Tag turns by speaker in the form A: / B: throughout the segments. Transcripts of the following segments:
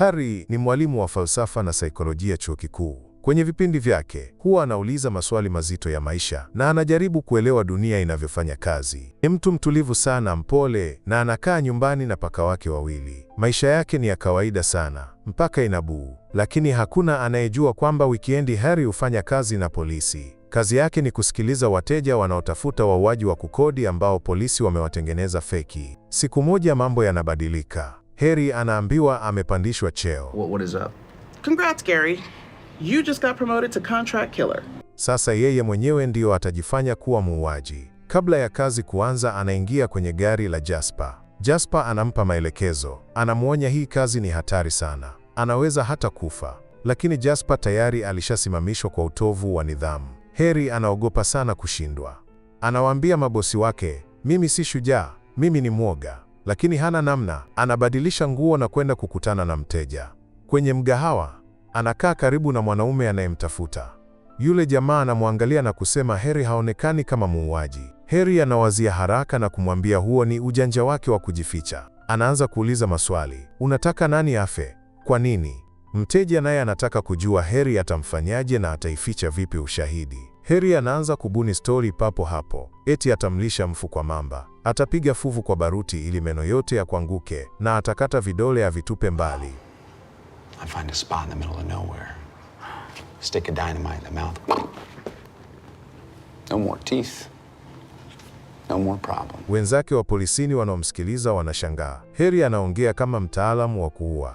A: Harry ni mwalimu wa falsafa na saikolojia chuo kikuu. Kwenye vipindi vyake huwa anauliza maswali mazito ya maisha na anajaribu kuelewa dunia inavyofanya kazi. Ni mtu mtulivu sana, mpole, na anakaa nyumbani na paka wake wawili. Maisha yake ni ya kawaida sana mpaka inabuu, lakini hakuna anayejua kwamba wikendi Harry hufanya kazi na polisi. Kazi yake ni kusikiliza wateja wanaotafuta wauaji wa kukodi ambao polisi wamewatengeneza feki. Siku moja mambo yanabadilika. Heri anaambiwa amepandishwa cheo.
B: What, what is up?
C: Congrats, Gary. You just got promoted to contract killer.
A: Sasa yeye mwenyewe ndiyo atajifanya kuwa muuaji. Kabla ya kazi kuanza, anaingia kwenye gari la Jasper. Jasper anampa maelekezo, anamwonya hii kazi ni hatari sana, anaweza hata kufa. Lakini Jasper tayari alishasimamishwa kwa utovu wa nidhamu. Heri anaogopa sana kushindwa. Anawaambia mabosi wake, mimi si shujaa, mimi ni mwoga lakini hana namna. Anabadilisha nguo na kwenda kukutana na mteja kwenye mgahawa. Anakaa karibu na mwanaume anayemtafuta. Yule jamaa anamwangalia na kusema Heri haonekani kama muuaji. Heri anawazia haraka na kumwambia huo ni ujanja wake wa kujificha. Anaanza kuuliza maswali, unataka nani afe? Kwa nini? Mteja naye anataka kujua Heri atamfanyaje na ataificha vipi ushahidi. Heri anaanza kubuni stori papo hapo, eti atamlisha mfu kwa mamba, atapiga fuvu kwa baruti ili meno yote yakwanguke, na atakata vidole avitupe mbali. No, wenzake wa polisini wanaomsikiliza wanashangaa. Heri anaongea kama mtaalamu wa kuua.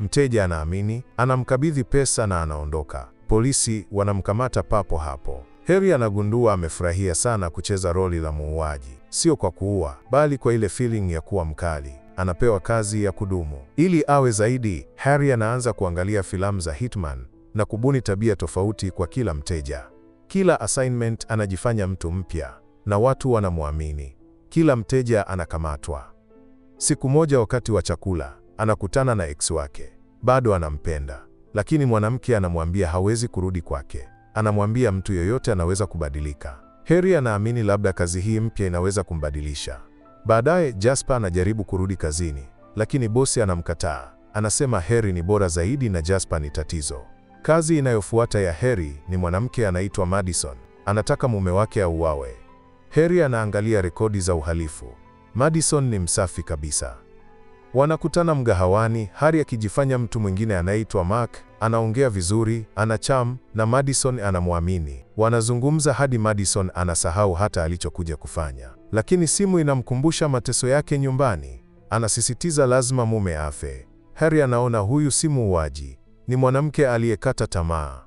A: Mteja anaamini, anamkabidhi pesa na anaondoka. Polisi wanamkamata papo hapo. Harry anagundua amefurahia sana kucheza roli la muuaji, sio kwa kuua, bali kwa ile feeling ya kuwa mkali. Anapewa kazi ya kudumu. Ili awe zaidi, Harry anaanza kuangalia filamu za Hitman na kubuni tabia tofauti kwa kila mteja. Kila assignment anajifanya mtu mpya na watu wanamwamini. Kila mteja anakamatwa. Siku moja wakati wa chakula, Anakutana na ex wake, bado anampenda, lakini mwanamke anamwambia hawezi kurudi kwake. Anamwambia mtu yoyote anaweza kubadilika. Harry anaamini labda kazi hii mpya inaweza kumbadilisha. Baadaye Jasper anajaribu kurudi kazini, lakini bosi anamkataa. Anasema Harry ni bora zaidi na Jasper ni tatizo. Kazi inayofuata ya Harry ni mwanamke anaitwa Madison. Anataka mume wake auawe. Harry anaangalia rekodi za uhalifu. Madison ni msafi kabisa. Wanakutana mgahawani, Harry akijifanya mtu mwingine anayeitwa Mark. Anaongea vizuri, ana cham na Madison anamwamini. Wanazungumza hadi Madison anasahau hata alichokuja kufanya, lakini simu inamkumbusha mateso yake nyumbani. Anasisitiza lazima mume afe. Harry anaona huyu si muuaji, ni mwanamke aliyekata tamaa.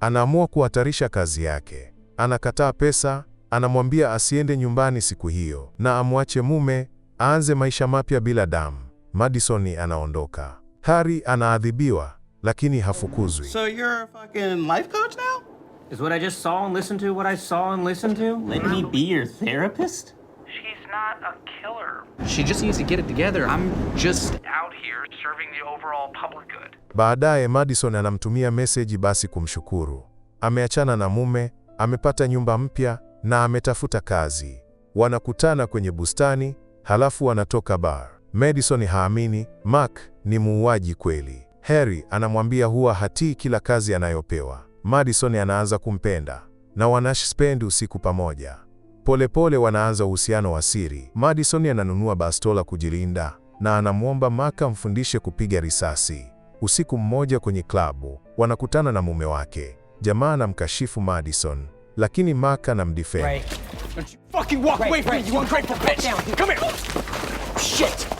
A: Anaamua kuhatarisha kazi yake. Anakataa pesa, anamwambia asiende nyumbani siku hiyo na amwache mume aanze maisha mapya bila damu. Madison anaondoka. Harry anaadhibiwa lakini hafukuzwi.
D: So you're a fucking life coach now?
E: Is what I just saw and listened to what I saw and listened to?
F: Let me be your therapist?
G: She's not a killer.
H: She just needs to get it together. I'm just
I: out here serving the overall public good.
A: Baadaye Madison anamtumia meseji basi kumshukuru. Ameachana na mume, amepata nyumba mpya na ametafuta kazi. Wanakutana kwenye bustani, halafu wanatoka bar. Madison haamini Mark ni muuaji kweli. Harry anamwambia huwa hatii kila kazi anayopewa. Madison anaanza kumpenda na wanaspendi usiku pamoja. Polepole wanaanza uhusiano wa siri. Madison ananunua bastola kujilinda na anamwomba Mark amfundishe kupiga risasi. Usiku mmoja kwenye klabu wanakutana na mume wake. Jamaa anamkashifu Madison, lakini Mark anamdefend.
J: Shit.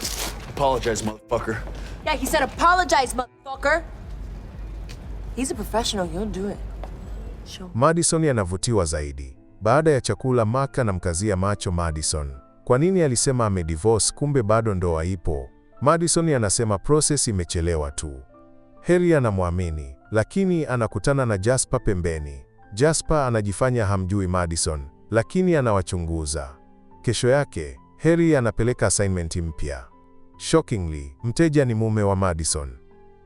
K: Apologize, motherfucker.
L: Yeah, he said apologize, motherfucker. He's a professional, he'll do it.
A: Sure. Madison anavutiwa zaidi. Baada ya chakula, Mark anamkazia macho Madison. Kwa nini alisema amedivorce kumbe bado ndoa ipo? Madison anasema process imechelewa tu. Harry anamwamini, lakini anakutana na Jasper pembeni. Jasper anajifanya hamjui Madison, lakini anawachunguza. Kesho yake, Harry anapeleka assignment mpya. Shockingly, mteja ni mume wa Madison.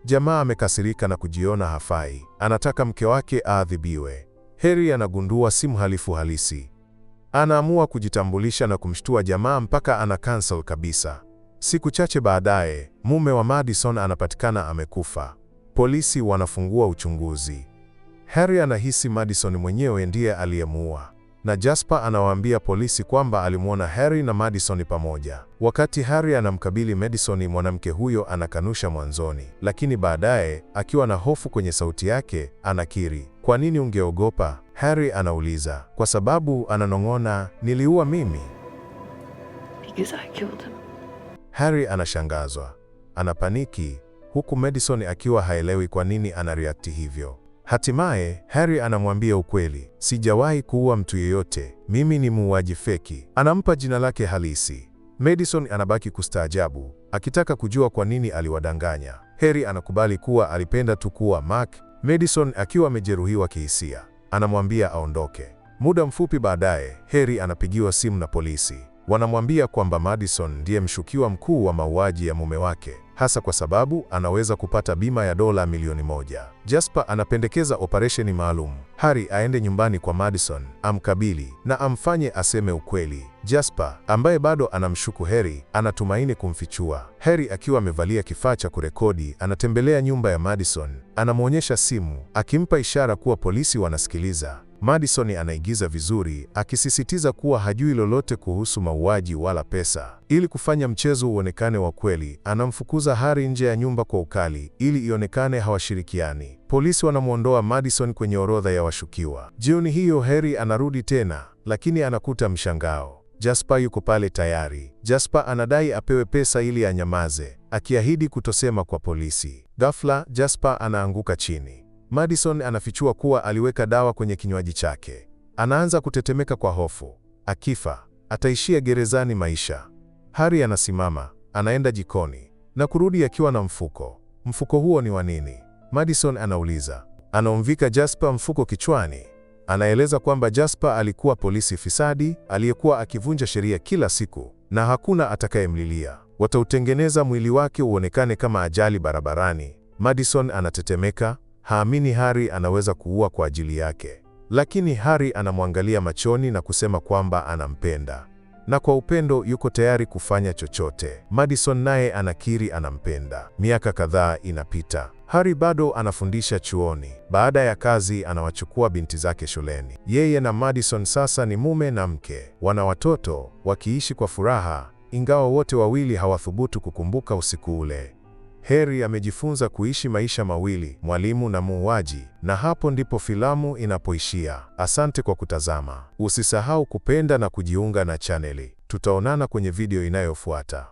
A: Jamaa amekasirika na kujiona hafai, anataka mke wake aadhibiwe. Harry anagundua si mhalifu halisi. Anaamua kujitambulisha na kumshtua jamaa mpaka ana cancel kabisa. Siku chache baadaye, mume wa Madison anapatikana amekufa. Polisi wanafungua uchunguzi. Harry anahisi Madison mwenyewe ndiye aliyemuua na Jasper anawaambia polisi kwamba alimwona Harry na Madison pamoja. Wakati Harry anamkabili Madison, mwanamke huyo anakanusha mwanzoni, lakini baadaye, akiwa na hofu kwenye sauti yake, anakiri. Kwa nini ungeogopa? Harry anauliza. Kwa sababu, ananong'ona, niliua mimi. Harry anashangazwa, anapaniki, huku Madison akiwa haelewi kwa nini anareact hivyo. Hatimaye Harry anamwambia ukweli, sijawahi kuua mtu yeyote, mimi ni muuaji feki. Anampa jina lake halisi. Madison anabaki kustaajabu, akitaka kujua kwa nini aliwadanganya. Harry anakubali kuwa alipenda tu kuwa Mark. Madison akiwa amejeruhiwa kihisia, anamwambia aondoke. Muda mfupi baadaye, Harry anapigiwa simu na polisi. Wanamwambia kwamba Madison ndiye mshukiwa mkuu wa mauaji ya mume wake hasa kwa sababu anaweza kupata bima ya dola milioni moja. Jasper anapendekeza operesheni maalum. Harry aende nyumbani kwa Madison, amkabili na amfanye aseme ukweli. Jasper, ambaye bado anamshuku Harry, anatumaini kumfichua. Harry akiwa amevalia kifaa cha kurekodi, anatembelea nyumba ya Madison, anamwonyesha simu, akimpa ishara kuwa polisi wanasikiliza. Madison anaigiza vizuri, akisisitiza kuwa hajui lolote kuhusu mauaji wala pesa. Ili kufanya mchezo uonekane wa kweli, anamfukuza Harry nje ya nyumba kwa ukali ili ionekane hawashirikiani. Polisi wanamwondoa Madison kwenye orodha ya washukiwa. Jioni hiyo Harry anarudi tena, lakini anakuta mshangao. Jasper yuko pale tayari. Jasper anadai apewe pesa ili anyamaze, akiahidi kutosema kwa polisi. Ghafla, Jasper anaanguka chini. Madison anafichua kuwa aliweka dawa kwenye kinywaji chake. Anaanza kutetemeka kwa hofu. Akifa, ataishia gerezani maisha. Harry anasimama, anaenda jikoni na kurudi akiwa na mfuko. Mfuko huo ni wa nini? Madison anauliza. Anaomvika Jasper mfuko kichwani. Anaeleza kwamba Jasper alikuwa polisi fisadi aliyekuwa akivunja sheria kila siku na hakuna atakayemlilia. Watautengeneza mwili wake uonekane kama ajali barabarani. Madison anatetemeka, haamini Hari anaweza kuua kwa ajili yake, lakini Hari anamwangalia machoni na kusema kwamba anampenda na kwa upendo yuko tayari kufanya chochote. Madison naye anakiri anampenda. Miaka kadhaa inapita. Hari bado anafundisha chuoni. Baada ya kazi, anawachukua binti zake shuleni. Yeye na Madison sasa ni mume na mke, wana watoto, wakiishi kwa furaha, ingawa wote wawili hawathubutu kukumbuka usiku ule. Heri amejifunza kuishi maisha mawili, mwalimu na muuaji, na hapo ndipo filamu inapoishia. Asante kwa kutazama. Usisahau kupenda na kujiunga na chaneli. Tutaonana kwenye video inayofuata.